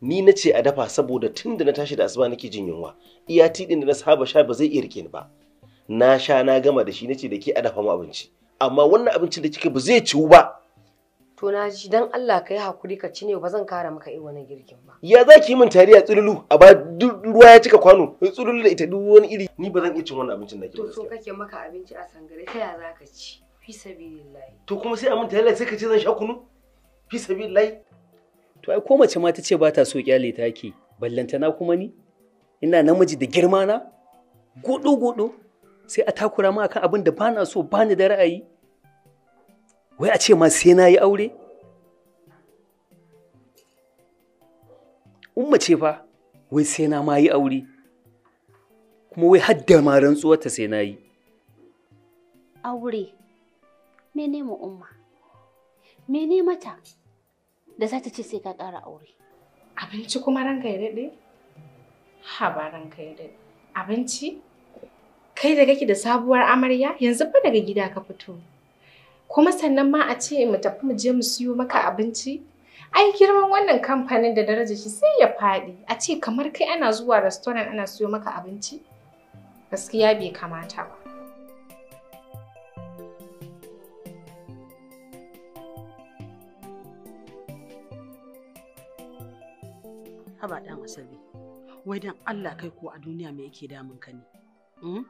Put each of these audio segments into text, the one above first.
ni na ce a dafa saboda tun da na tashi da asuba nake jin yunwa iya tiɗin da na saba sha ba zai iya rike ni ba na sha na gama da shi na ce da ke a dafa mu abinci amma wannan abincin da kika ba zai ciwu ba to na ji dan Allah ka yi hakuri ka ci ne ba zan kara maka irin wannan girkin ba ya za ki yi min tariya tsululu a ba ruwa ya cika kwano tsululu da ita duk wani iri ni ba zan iya cin wannan abincin da ke to so kake maka abinci a sangare ta ya za ka ci fi sabilillahi to kuma sai a mun tariya sai ka ce zan sha kunu fi sabilillahi to ai ko mace ma ta ce ba ta so kyale ta ke ballantana kuma ni ina namiji da girma na godo godo sai a takura ma akan abin da ba na so ba ni da ra'ayi wai a ce ma sai na yi aure umma ce fa wai sai na ma yi aure kuma wai hadda ma rantsuwarta sai na yi aure mene mu umma mene mata da za ta ce sai ka ƙara aure. Abinci kuma ranka ya daɗe? Ha ba ranka ya daɗe. Abinci? Kai da kake da sabuwar amarya yanzu fa daga gida ka fito. Kuma sannan ma a ce mu tafi mu je mu siyo maka abinci? Ai girman wannan kamfanin da daraja shi sai ya faɗi. A ce kamar kai ana zuwa restaurant ana siyo maka abinci? Gaskiya bai kamata ba. haba dan asabe wai dan Allah kai ko a duniya me yake damun ka ne hmm?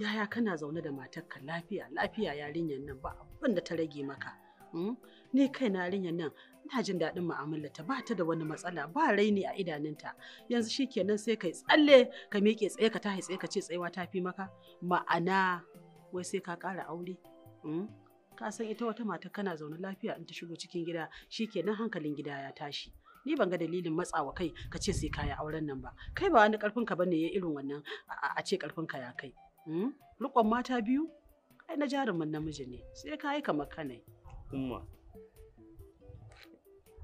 yaya kana zaune da matarka lafiya lafiya yarinyar nan ba abin da ta rage maka hmm? ni kai na yarinyar nan ina jin daɗin mu'amalarta ba ta da wani matsala ba raini a idanunta yanzu shikenan sai kai tsalle ka miƙe tsaye ka tahi tsaye ka ce tsayewa ta fi maka ma'ana wai sai ka ƙara aure hmm? ka san ita wata mata kana zaune lafiya in ta shigo cikin gida shikenan hankalin gida ya tashi ni ban ga dalilin matsa wa kai ka ce sai kaya auren nan ba kai ba wani karfin ka bane ya irin wannan a ce karfin ka ya kai hmm? rukon mata biyu ai na jarumin namiji ne sai ka yi kamar kanai umma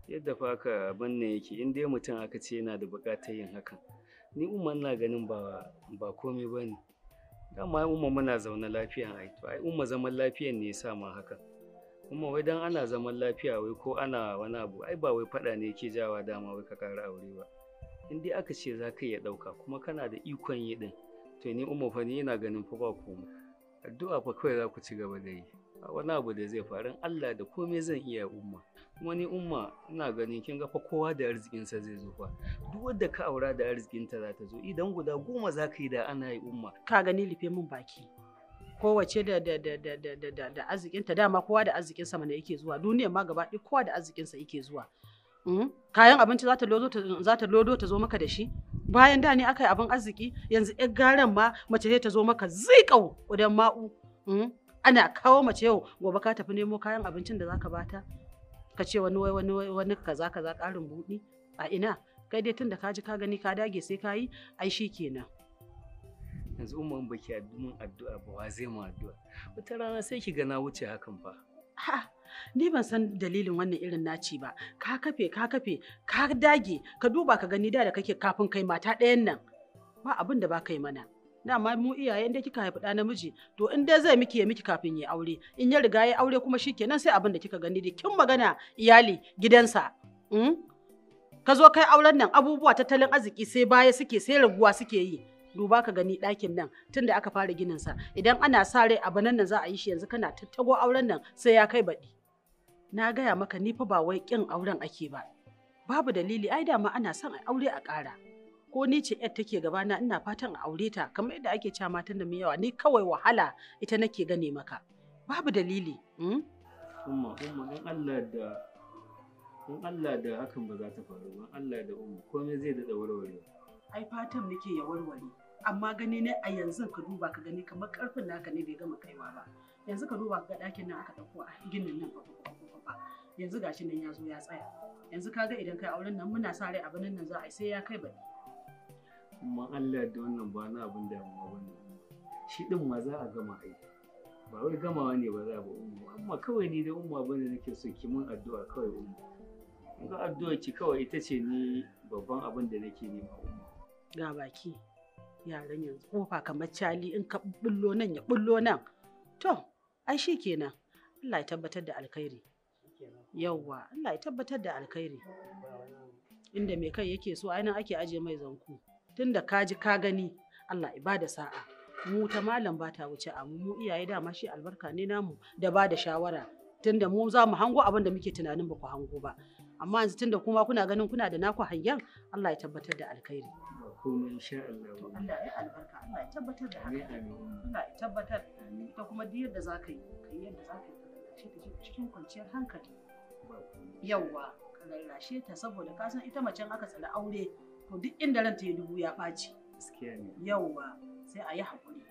yadda fa ka abin yake in dai mutum aka ce yana da buƙatar yin hakan ni umma ina ganin ba ba komai bane dama umma muna zaune lafiya ai to umma zaman lafiyan ne ya sa ma hakan kuma wai dan ana zaman lafiya wai ko ana wani abu ai ba wai faɗa ne yake jawa dama wai ka ƙara aure ba in dai aka ce za ka iya ɗauka kuma kana da ikon yi ɗin to ni umma fa ni yana ganin fa ba komai addu'a fa kawai za ku ci gaba da yi wani abu da zai faru Allah da komai zan iya umma kuma ni umma ina ganin kin ga fa kowa da arzikinsa zai zo fa duk wanda ka aura da arzikinta za ta zo idan guda goma za ka yi da ana yi umma ka gani lufe min baki kowace da da da da da da da da arzikinta dama kowa da arzikinsa mana yake zuwa duniyar ma gaba ɗaya kowa da arzikinsa yake zuwa hmm? kayan abinci za ta lodo za ta lodo ta zo maka da shi bayan da ne aka yi abin arziki yanzu ɗan garan ma mace ne ta zo maka zikau udan ma'u hmm? ana kawo mace yau gobe ka tafi nemo kayan abincin da zaka bata ka ce wani wani wani kaza kaza ƙarin buɗi a ina kai dai tun da ka ji ka gani ka dage sai ka yi ai shi kenan yanzu umma ba ki mun addu'a ba wa zai mu addu'a wata rana sai ki gana wuce hakan fa ha ni ban san dalilin wannan irin naci ba ka kafe ka kafe ka dage ka duba ka gani da da kake kafin kai mata ɗayan nan ba abin da ba kai mana na ma mu iyaye inda kika haifi ɗa namiji to in dai zai miki ya miki kafin ya aure in ya riga ya aure kuma shikenan sai abin da kika gani da kin magana iyali gidansa hmm? ka zo kai auren nan abubuwa tattalin arziki sai baya suke sai raguwa suke yi duba ka gani ɗakin nan tunda aka fara ginin sa idan ana sa rai a banan nan za a yi shi yanzu kana tattago auren nan sai ya kai baɗi na gaya maka ni fa ba wai ƙin auren ake ba babu dalili ai dama ana son aure a ƙara ko ni ce yar take gabana ina fatan a aure ta kamar yadda ake cewa matan da yawa ni kawai wahala ita nake gane maka babu dalili hmm? umma umma in Allah da dan Allah da hakan ba za ta faru ba Allah da umma komai zai da warware ai fatan nake ya warware amma gani ne a yanzu ka duba ka gani kamar karfin naka ne bai gama kaiwa ba yanzu ka duba ga ɗakin nan aka dauko a ginin nan ba yanzu gashi nan ya zo ya tsaya yanzu kaga idan kai auren nan muna sa rai abin nan za a sai ya kai ba amma Allah da wannan ba na abin damuwa amma ne shi din ma za a gama ai ba wai gamawa ne ba za ba umma. amma kawai ni da umma bane nake so ki mun addu'a kawai umma. ga addu'a ki kawai ita ce ni babban abin da nake nema umma ga baki yaran yanzu ba kamar cali in ka bullo nan ya bullo nan to ai shi kenan Allah ya tabbatar da alkhairi yawwa Allah ya tabbatar da alkhairi inda mai kai yake so ainihin ake aje mai zanku tunda ka ji ka gani Allah ya bada sa'a mu ta malam ba ta wuce a mu iyaye dama shi albarka ne namu da ba da shawara tunda mu za mu hango abin da muke tunanin ba ku hango ba amma yanzu tunda kuma kuna ganin kuna da naku hangen Allah ya tabbatar da alkhairi komai insha Allah. Allah ya albarka Allah ya tabbatar da haka. Allah ya tabbatar ita kuma duk yadda za ka yi ka yi yadda za ka yi ka lalace ta cikin kwanciyar hankali. Yawwa ka lalace ta saboda ka san ita macen aka tsada aure to duk inda ranta ya dubu ya ɓaci. Gaskiya ne. Yawwa sai a yi haƙuri.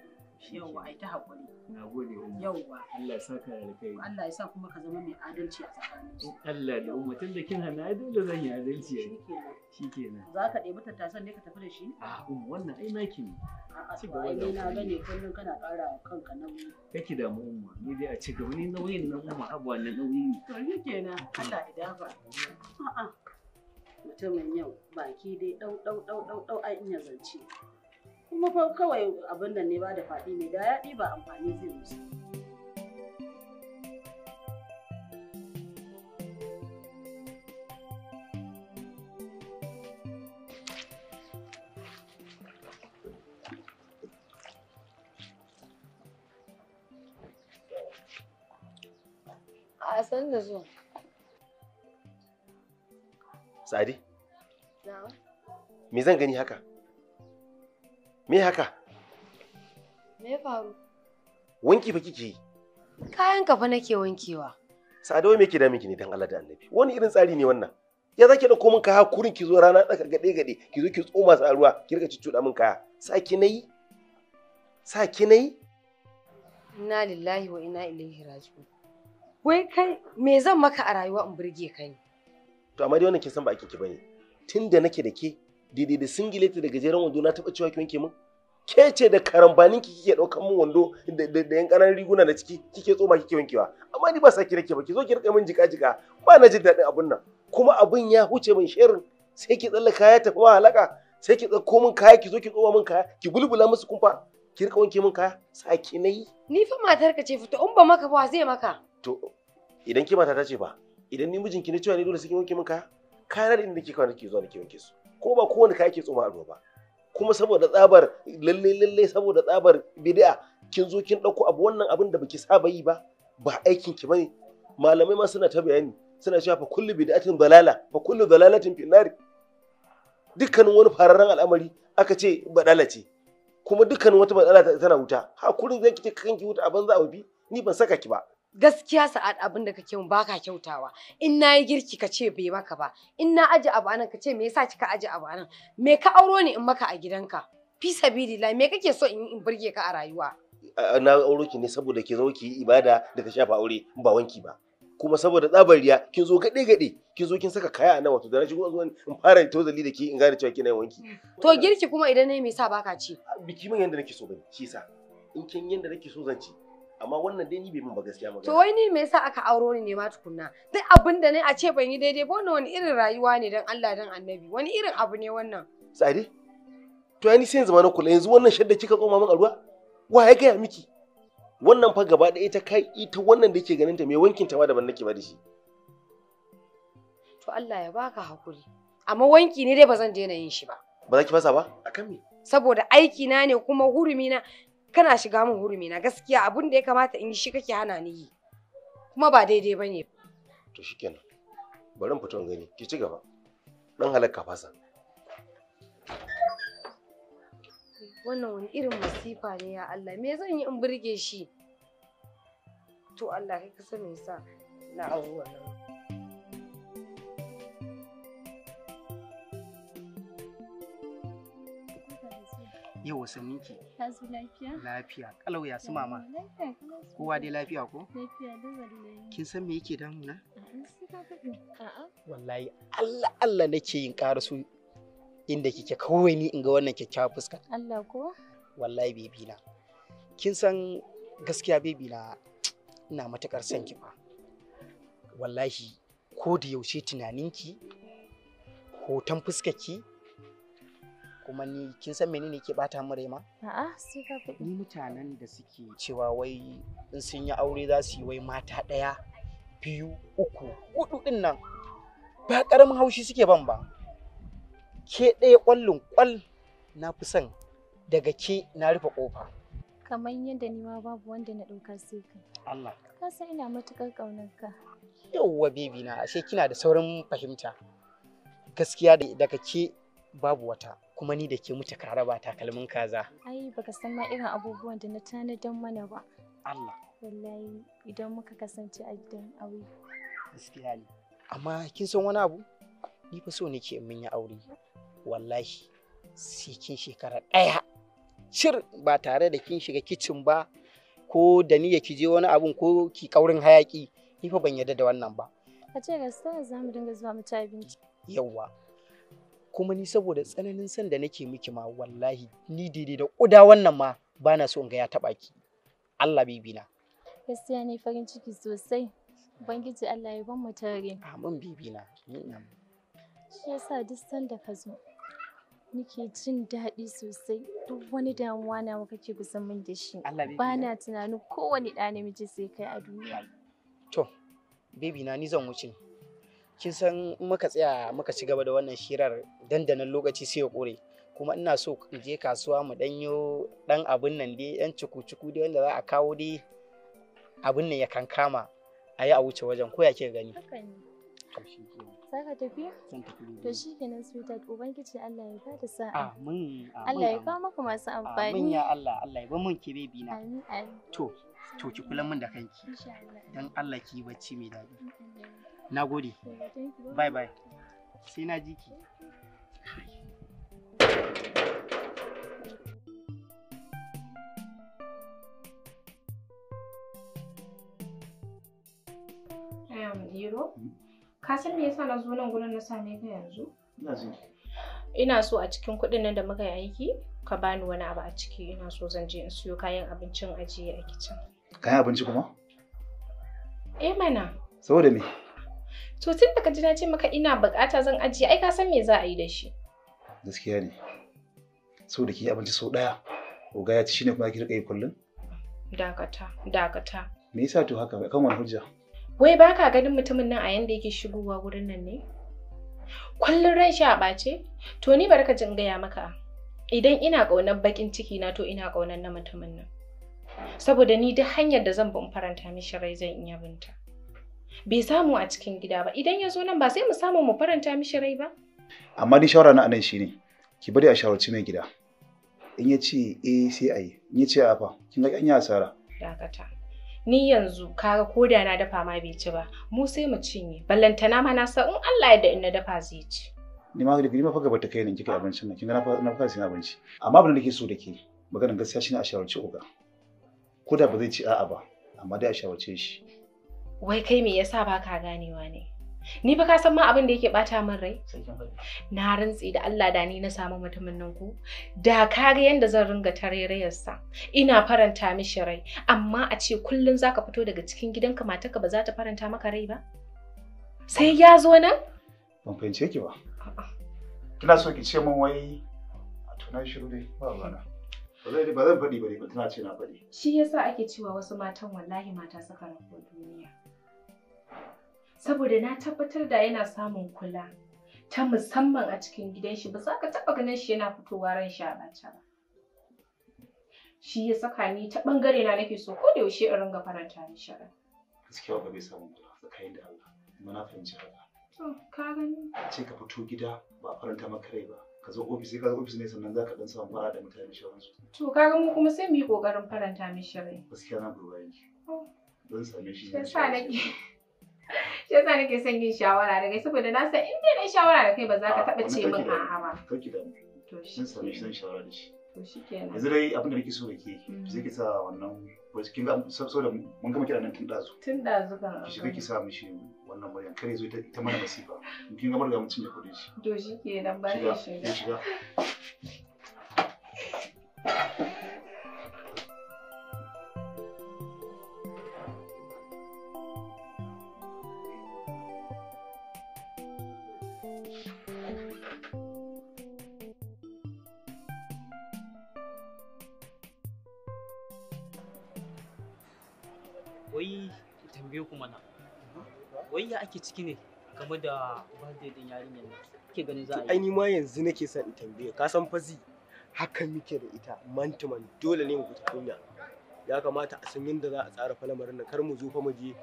yauwa ai ta haƙuri yauwa Allah ya saka da kai Allah ya sa kuma ka zama mai adalci a tsakanin su Allah da umma tun da kin hana dole zan yi adalci shikenan Zaka ka ɗebi tattasan ne ka tafi da shi a ah, umma wannan ai naki ne ci gaba da na gane kullum kana ƙara kanka nauyi kake da mu umma ni dai a ci gaba ni nauyin nan umma abuwa na nauyi ne to shikenan Allah ya dafa a'a mutumin yau baki dai dau dau dau dau ai in ya zance kuma fa kawai abin da ne ba da faɗi ne da yaɗi ba amfani zai musu. Sadi? Me zan gani haka? Me haka? Me faru? Wanki fa kike yi? Kayan ka fa nake wankewa. Sadawai me ke da miki ne dan Allah da Annabi? Wani irin tsari ne wannan? Ya zaki da komin kaya kurin ki zo rana daga gade gade ki zo ki tsoma sa ruwa ki rika cuccuda min kaya. Sa ki nayi? Sa ki nayi? Inna lillahi wa inna ilaihi raji'un. Wai kai me zan maka a rayuwa in burge ka ne? To amma dai wannan kin san ba kike ki bane. Tunda nake da ke daidai da singileti da gajeren wando na taɓa cewa ki wanke min ke ce da karambanin ki kike ɗaukan min wando da yan ƙananan riguna na ciki kike tsoma kike wankewa amma ni ba sa ki rake ba ki zo ki rika min jika jika ba na jin daɗin abun nan kuma abun ya huce min shirin sai ki tsalla kaya ta kuma halaka sai ki tsakko min kaya ki zo ki tsoma min kaya ki bulbula musu kumfa ki rika wanke min kaya saki na yi. Ni fa matar ka ce fito in ba maka ba zai maka. To idan ki mata ta ce ba idan ni mijinki ne cewa ni dole sai ki wanke min kaya kaya na da inda kika wani ki zo ni ki wanke su. ko ba kowane ka ke tsoma ba kuma saboda tsabar lalle lalle saboda tsabar bid'a kin zo kin ɗauko abu wannan abin da baki saba yi ba ba aikin ki bane malamai ma suna ta bayani suna cewa fa kullu bid'atin dalala fa kullu dalalatin fi dukkanin wani fararen al'amari aka ce badala ce kuma dukkanin wata badala tana wuta ha kurin zai ki kanki wuta a banza a ni ban saka ki ba gaskiya sa'ad abin da kake mun baka kyautawa in nayi girki ka ce bai maka ba in na aji abu anan ka ce me yasa kika aji abu anan me ka auro ni in maka a gidanka fi la me kake so in in burge ka a rayuwa na auro ki ne saboda ki zo ki yi ibada da ka shafa aure ba wanki ba kuma saboda tsabariya kin zo gade gade kin zo kin saka kaya a nan wato da na shigo zuwa in fara tozali da ki in gane cewa kina wanki to girki kuma idan ne me yasa baka ci biki man yanda nake so bane shi yasa in kin yanda nake so zan ci amma wannan dai ni bai min ba gaskiya magana to wai ni me yasa aka auro ni ne ma tukunna duk abin da ne a ce ban yi daidai ba wannan wani irin rayuwa ne dan Allah dan Annabi wani irin abu ne wannan Sadi to ai ni sai yanzu ma na kula yanzu wannan shadda kika koma min a ruwa wa ya gaya miki wannan fa gaba da ita kai ita wannan da ke ganin ta mai wankin ta ma da ban nake ba da shi to Allah ya baka hakuri amma wanki ne dai ba zan daina yin shi ba ba za ki fasa ba akan me saboda aiki na ne kuma hurumi na kana shiga min hurumi na gaskiya abun da ya kamata in yi shi kake hana ni yi kuma ba daidai ba ne to shikenan bari in fito in gani ki ci gaba dan halakka fasa wannan wani irin masifa ne ya Allah me zan yi in burge shi to Allah kai ka sani sa na auri wannan Yau wasannin ki. Ta lafiya? Lafiya. Kalau ya su mama. Lafiya Kowa dai lafiya ko? Lafiya da wallahi. Kin san me yake damuna? A'a. Wallahi Allah Allah nake yin karasu inda kike kawai ni in ga wannan kyakkyawar fuska. Allah ko? Wallahi bebi na. Kin san gaskiya bebi na ina matukar son ki fa. Wallahi ko da yaushe tunaninki hoton fuskarki ki kuma ni kin san menene ke bata mu rai a'a sai ka fadi ni mutanen da suke cewa wai in sun yi aure za su yi wai mata ɗaya biyu uku hudu din nan ba karamin haushi suke ban ba ke ɗaya ƙwallon kwal na fi son daga ke na rufe ƙofa kamar yadda ni ma babu wanda na ɗauka sai ka Allah ka san ina matuƙar ƙaunar ka yauwa bebi na ashe kina da saurin fahimta gaskiya daga ke babu wata kuma ni da ke mutu ka raba takalmin kaza ai baka san ma irin abubuwan da na don mana ba Allah wallahi idan muka kasance a gidan aure gaskiya ne amma kin san wani abu ni fa so nake in mun yi aure wallahi sai kin shekara ɗaya cir ba tare da kin shiga kicin ba ko da ni ki je wani abun ko ki kaurin hayaki ni fa ban yarda da wannan ba a ce gaskiya za mu dinga zuwa mu ci abinci yawwa kuma ni saboda tsananin san da nake miki ma wallahi ni daidai da ƙuda wannan ma bana so in ga ya taɓa ki Allah bibi na gaskiya ne farin ciki sosai ubangiji Allah ya ban mu tare amin bibi na shi yasa duk sanda ka zo nake jin daɗi sosai duk wani damuwa na kake kusan min da shi ba na tunanin kowane ɗa namiji sai kai a duniya to baby na ni zan wuce kin san muka tsaya muka ci gaba da wannan shirar dandanan lokaci sai ya kore kuma ina so in je kasuwa mu danyo dan abin nan dai yan cuku-cuku dai wanda za a kawo dai abin nan ya kankama a yi a wuce wajen ko ya ke gani ah, ah, ah, To ki kula min da kanki. Allah ki bacci mai daɗi. na gode bye bye sai na ji ki um, ka san me yasa na zo nan gurin na same ka yanzu? Ina so a cikin kuɗin nan da muka yi aiki, ka bani wani abu a ciki ina so zan je in siyo kayan abincin ajiye a kicin. Kayan abinci kuma? Eh mana. Saboda me? To tun da ka ji na ce maka ina bukata zan ajiye ai ka san me za a yi da shi. Gaskiya ne. Sau da ke abinci sau ɗaya, oga ya ci shine kuma ki riƙa yi kullum? Dakata, dakata. Me yasa to haka kan wani hujja? Wai ba ka ganin mutumin nan a yanda yake shigowa wurin nan ne? Kullum ran shi a ɓace? To ni bari ka jin gaya maka. Idan ina ƙaunar bakin ciki na to ina ƙaunar na mutumin nan. Saboda ni duk hanyar da zan bi in faranta mishi rai zan iya binta. bai samu a cikin gida ba idan ya zo nan ba sai mu samu mu faranta mishi rai ba amma ni shawara na anan shine ki bari a shawarci mai gida in ya ce eh sai a yi in ya ce a fa kin ga kanya asara dakata ni yanzu kaga ko da na dafa ma bai ci ba mu sai mu cinye ballantana ma na san in Allah ya da in na dafa zai ci ni ma da ma fa gaba ta kai ne kika abincin nan kin ga na fa sai abinci amma abin da nake so da ke maganar gaskiya shine a shawarci oga ko da ba zai ci a'a ba amma dai a shawarce shi Wai kai me yasa ba ka ganewa ne? Ni ba ka san ma abin da yake bata min rai? Na rantsi da Allah da ni na samu mutumin nan ku. Da ka ga yanda zan ringa tarairayarsa. Ina faranta mishi rai, amma a ce kullum zaka fito daga cikin gidanka matarka ba za ta faranta maka rai ba? Sai ya zo nan? Ban fahimce ki ba. Kina so ki ce min wai a tunan shiru dai ba ba zan faɗi ba ne ba tana ce na faɗi. Shi yasa ake cewa wasu matan wallahi mata suka rabu duniya. saboda na tabbatar da yana samun kula ta musamman a cikin gidan shi ba za ka taɓa ganin shi yana fitowa ran shi a ɓace ba shi ya saka ni ta ɓangare na nake so ko da yaushe in ringa faranta ni shara gaskiya ba bai samu kula tsakanin da Allah kuma na fahimci haka ka gani ce ka fito gida ba faranta maka rai ba ka zo ofis ka zo ofis ne sannan za ka dan samu fara da mutane shawararsu to ka ga mu kuma sai mu yi kokarin faranta mishi rai gaskiya na gurbayin ki don oh. same shi ne sai nake shi yasa nake son yin shawara da kai saboda na san in dai na shawara da kai ba za ka taɓa ce min a'a ba to shi san shawara da shi to shi kenan yanzu dai abin da nake so da ke sai mm. ki sa wannan wasu kin ga saboda mun gama kiran nan tun dazu tun dazu kan ki shiga ki sa mishi wannan bayan kare zo ta mana masifa kin ga mun ga mutum da kudin shi to shi kenan bari shiga ciki ne game da birthday din yarinyar nan kike ganin za a yi ai ni ma yanzu nake son in tambaye ka san fazi haka muke da ita mantuman dole ne mu fita kunya ya kamata a san yadda za a tsara falamarin nan kar mu zo fa mu je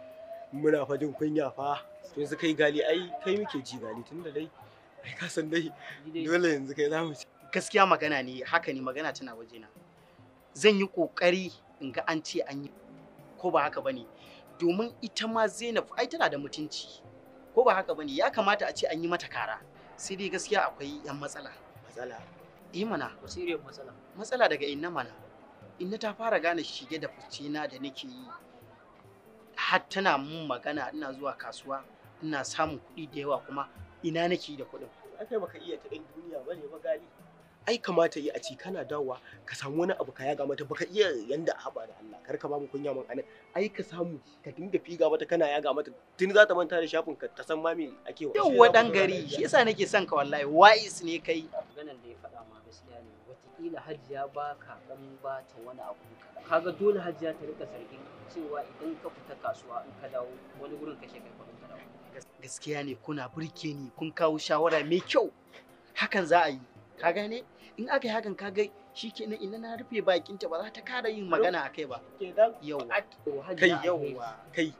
muna fa jin kunya fa to yanzu kai gali ai kai muke ji gali tun da dai ai ka san dai dole yanzu kai za mu ci gaskiya magana ne haka ne magana tana wajena zan yi kokari in ga an ce an yi ko ba haka bane domin ita ma Zainab ai tana da mutunci ko ba haka bane ya kamata a ce an yi mata kara sai dai gaskiya akwai yan matsala matsala eh mana siriyar matsala matsala daga inna mana inna ta fara gane shige da fice na da nake yi har tana mun magana ina zuwa kasuwa ina samun kuɗi da yawa kuma ina nake da kuɗin kai baka iya ta duniya bane ba gali ai kamata yi a ci kana dawowa ka samu wani abu ka yaga mata baka iya yanda a haɓa da Allah kar ka ba mu kunya mun anan ai ka samu ka dinga figa mata kana yaga mata tun za ta manta da shafin ka ta san ma me ake wa yau wadan gari shi yasa nake son ka wallahi wais ne kai maganan da ya faɗa ma gaskiya ne wataƙila hajiya ba ka dan ba ta wani abu kaga dole hajiya ta rika sarkin cewa idan ka fita kasuwa in ka dawo wani gurin kashe kai kuɗin ka dawo gaskiya ne kuna burke ni kun kawo shawara mai kyau hakan za a yi ka gane in aka yi hakan ka ga shi kenan ina na rufe ta ba za ta kara yin magana a kai ba yauwa kai yauwa kai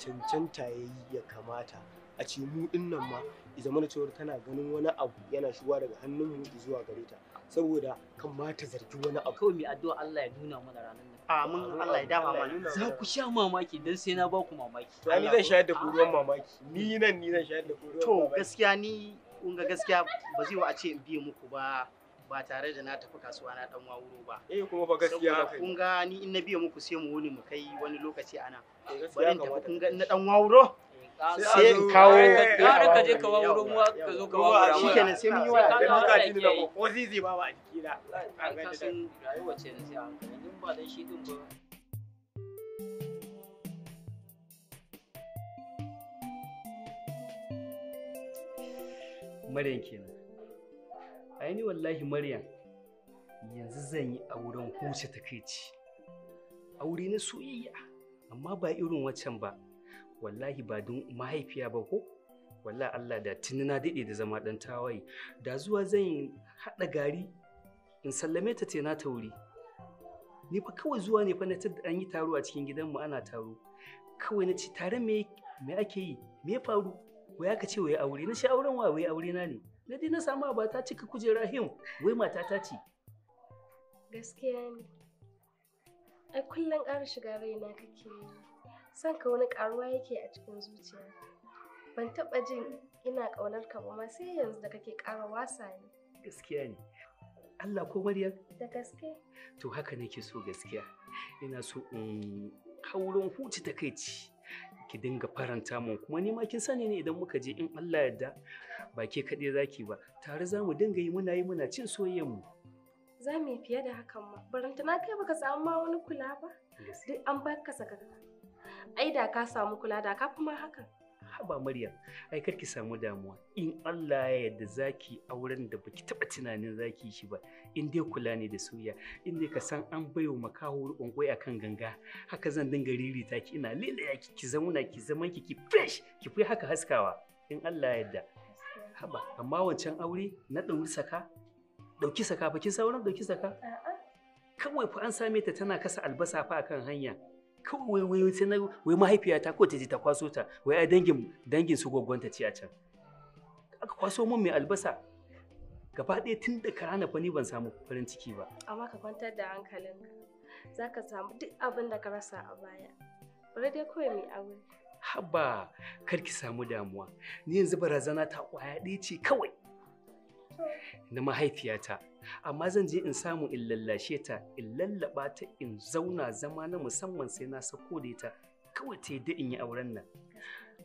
cancanta ya yi ya kamata a ce mu dinnan ma i zama da cewar tana ganin wani abu yana shuwa daga hannun mu zuwa gare ta saboda kan ma ta zargi wani abu kawai mai addu'a Allah ya nuna mana ranar nan amin Allah ya dama mana za ku sha mamaki dan sai na ba ku mamaki to ni zan shayar da ku ruwan mamaki ni nan ni zan shayar da ku ruwan mamaki to gaskiya ni kun ga gaskiya ba zai wa a ce in biye muku ba ba tare da na tafi kasuwa na dan wawuro ba eh kuma fa gaskiya haka kun ga ni in na biya muku sai mu wuni mu kai wani lokaci ana eh, bari in tafi kun ga na dan wawuro sai in kawo gara eh, eh, ka je ka wawuro mu ka zo ka wawuro shi kenan sai mun yi wa dan ka ji da ko zizi ba ba a jiki da an ka san rayuwa ce ne sai an ba dan shi din ba Maryam kenan ai ni wallahi maryam yanzu zan yi auren huce takeici aure na soyayya amma ba irin waccan ba wallahi ba don mahaifiya ba ko wallahi Allah da tuni na daɗe da zama ɗan tawaye da zuwa zan yi haɗa gari in sallame ta te na tauri ni fa kawai zuwa ne fa na tada an yi taro a cikin gidan mu ana taro kawai na ci tare me ake yi me faru wai aka ce wai aure na shi auren wa wai aure na ne Na dai na samu ba ta cika kujera him wai mata ta ce. Gaskiya ne. Ai kullum ƙara shiga raina kake Son ka wani ƙaruwa yake a cikin zuciya. Ban taɓa jin ina ƙaunar ka ba sai yanzu da kake ƙara wasa ne. Gaskiya ne. Allah ko Maryam? Da gaske. To haka nake so gaskiya. Ina so in haurin huci takaici. ki dinga faranta mun kuma ni ma kin sani ne idan muka je in Allah yadda ba ke kaɗai zaki ba tare za mu dinga yi muna yi muna cin soyayyen mu za mu yi fiye da hakan ma baranta na kai baka samu ma wani kula ba duk an baka sakaka ai da ka samu kula da ka kuma hakan haba Maryam ai kar ki samu damuwa in Allah ya yarda zaki auren da baki taba tunanin zaki shi ba in dai kula ne da soyayya in dai ka san an bayo makaho rubungoi akan ganga haka zan dinga ririta ki ina ya ki ki zauna ki zaman ki ki fresh ki fi haka haskawa in Allah ya yarda haba amma wancan aure na ɗauri saka ɗauki saka ba kin sauran ɗauki saka kawai fa an same ta tana kasa albasa fa akan hanya kawai wai wai sai na wai mahaifiyata ko ta je ta kwaso ta wai ai dangin dangin su gwaggwanta ci a can aka kwaso mun mai albasa gaba ɗaya tun da karana fa ni ban samu farin ciki ba amma ka kwantar da za zaka samu duk abin da ka rasa a baya bari dai kawai mai aure haba kar ki samu damuwa ni yanzu barazana ta kwaya ɗaya ce kawai na mahaifiyata amma zan je in samu in lallashe ta in lallaba ta in zauna zama na musamman sai na sako da ita kawai ta yadda in yi auren nan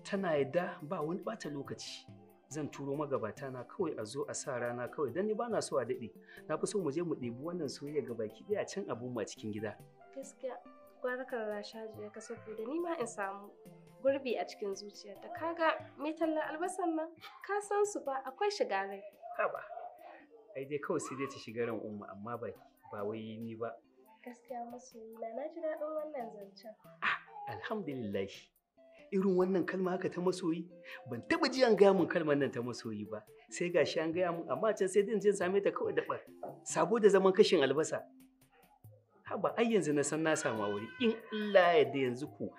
tana yadda ba wani bata lokaci zan turo magabata na kawai a zo a sa rana kawai don ni ba na so a daɗe na fi so mu je mu ɗebi wannan soyayya ga baki ɗaya can abun ma cikin gida gaskiya gwara kan rasha jiya ka da ni ma in samu gurbi a cikin zuciyarta kaga mai tallar albasan nan ka san su ba akwai shiga rai haba ai dai kawai sai dai ta shiga ran umma amma ba ba wai ni ba gaskiya masoyina na ji daɗin wannan zancen ah, alhamdulillah irin wannan kalma haka ta masoyi ban taba ji an gaya mun kalmar nan ta masoyi ba sai gashi an gaya mun amma can sai din jin same ta kawai da bar sabo da zaman kashin albasa haba ai yanzu na san na samu wuri in Allah ya da yanzu ku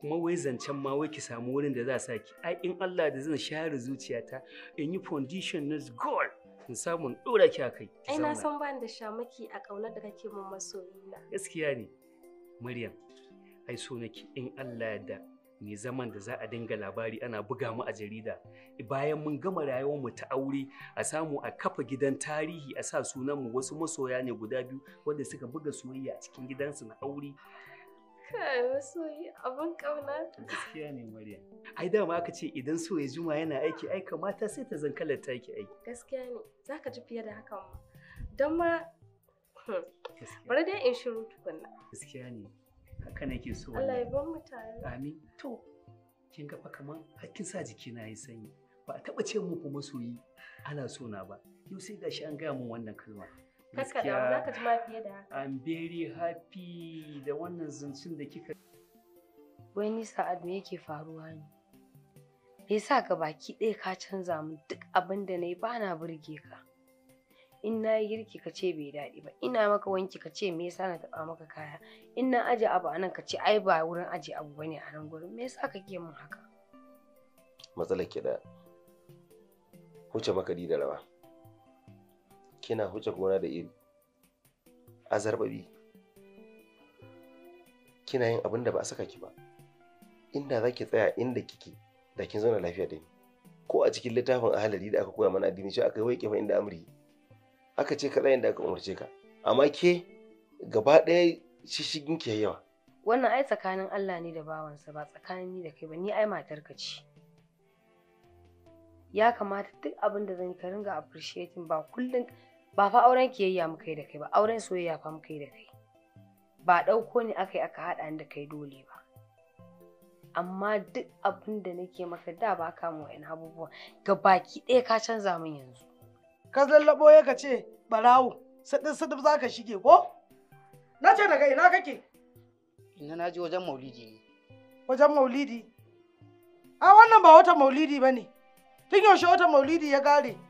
kuma wai zancen ma wai ki samu wurin da za sa ki ai in Allah da zan share zuciyata in yi foundation na gold kafin samu dora ki akai. Ai na san ban da shamaki a ƙaunar da kake mun masoyina. Gaskiya ne. Maryam, ai so nake in Allah yadda me zaman da za a dinga labari ana buga mu a jarida bayan mun gama rayuwar mu ta aure a samu a kafa gidan tarihi a sa sunan mu wasu masoya ne guda biyu wanda suka buga soyayya a cikin gidansu na aure Kai masoyi abin ƙauna. Gaskiya ne Maryam. Ai ma aka ce idan so ya juma yana aiki ai kamata sai ta zankalar ta ki aiki. Gaskiya ne za ka ji fiye da hakan ma. Don ma bari dai in shiru tukunna. Gaskiya ne haka nake so. Allah ya ban mutane. Amin. To kin ga fa kaman hakkin sa jiki na yi sanyi. Ba a taɓa ce mu kuma ana so na ba. Yau sai gashi an gaya min wannan kalma. Kaska da za ka ji ma fiye da haka. I'm very happy da wannan zancen da kika. Wai ni sa'ad yake faruwa ne? Me yasa ga baki ɗaya ka canza min duk abin da na yi ba na burge ka. in na yi girki ka ce bai daɗi ba ina maka wanki ka ce me yasa na taɓa maka kaya in na aje abu a nan ka ce ai ba wurin aje abu bane a nan gurin me yasa kake min haka matsalar ki da huce maka da rawa kina huce gona da iri a zarbabi kina yin abin da ba a saka ki ba inda za ki tsaya inda kike da kin zauna lafiya da ni ko a cikin littafin ahalari da aka koya mana addini shi aka waike fa inda amri aka ce kaɗa inda aka umarce ka amma ke gaba ɗaya shishigin ke yawa wannan ai tsakanin Allah ne da bawansa ba tsakanin ni da kai ba ni ai matarka ce ya kamata duk abin da zan ka ringa appreciating ba kullum ba fa auren kiyayya muka yi da kai ba auren soyayya fa muka yi da kai ba ɗauko ne aka yi aka haɗa ni da kai dole ba amma duk abin da nake maka da ba ka mu wa'in abubuwa ga baki ɗaya ka canza min yanzu ka zallaɓo ya ka ce ɓarawo sadin sadin za ka shige ko na ce daga ina kake ina na je wajen maulidi ne wajen maulidi a wannan ba wata maulidi ba ne tun yaushe wata maulidi ya gare